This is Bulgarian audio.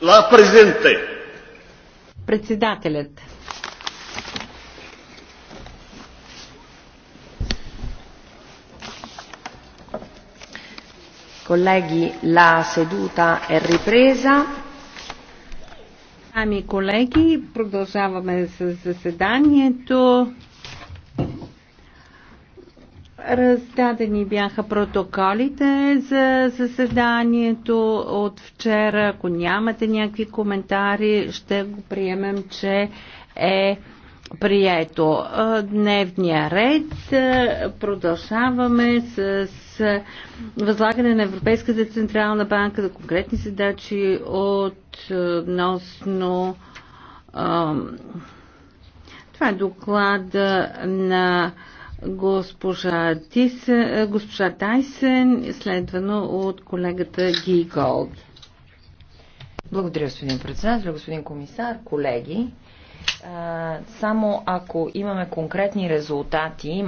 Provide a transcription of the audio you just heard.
La Presidente. Председателят. Колеги, ла седута е репреза. Ами колеги, продължаваме с заседанието. Раздадени бяха протоколите за заседанието от вчера. Ако нямате някакви коментари, ще го приемем, че е прието. Дневния ред продължаваме с възлагане на Европейската централна банка за конкретни задачи относно това е доклада на госпожа, е, госпожа Тайсен, следвано от колегата Ги Голд. Благодаря, господин председател, господин комисар, колеги. Само ако имаме конкретни резултати,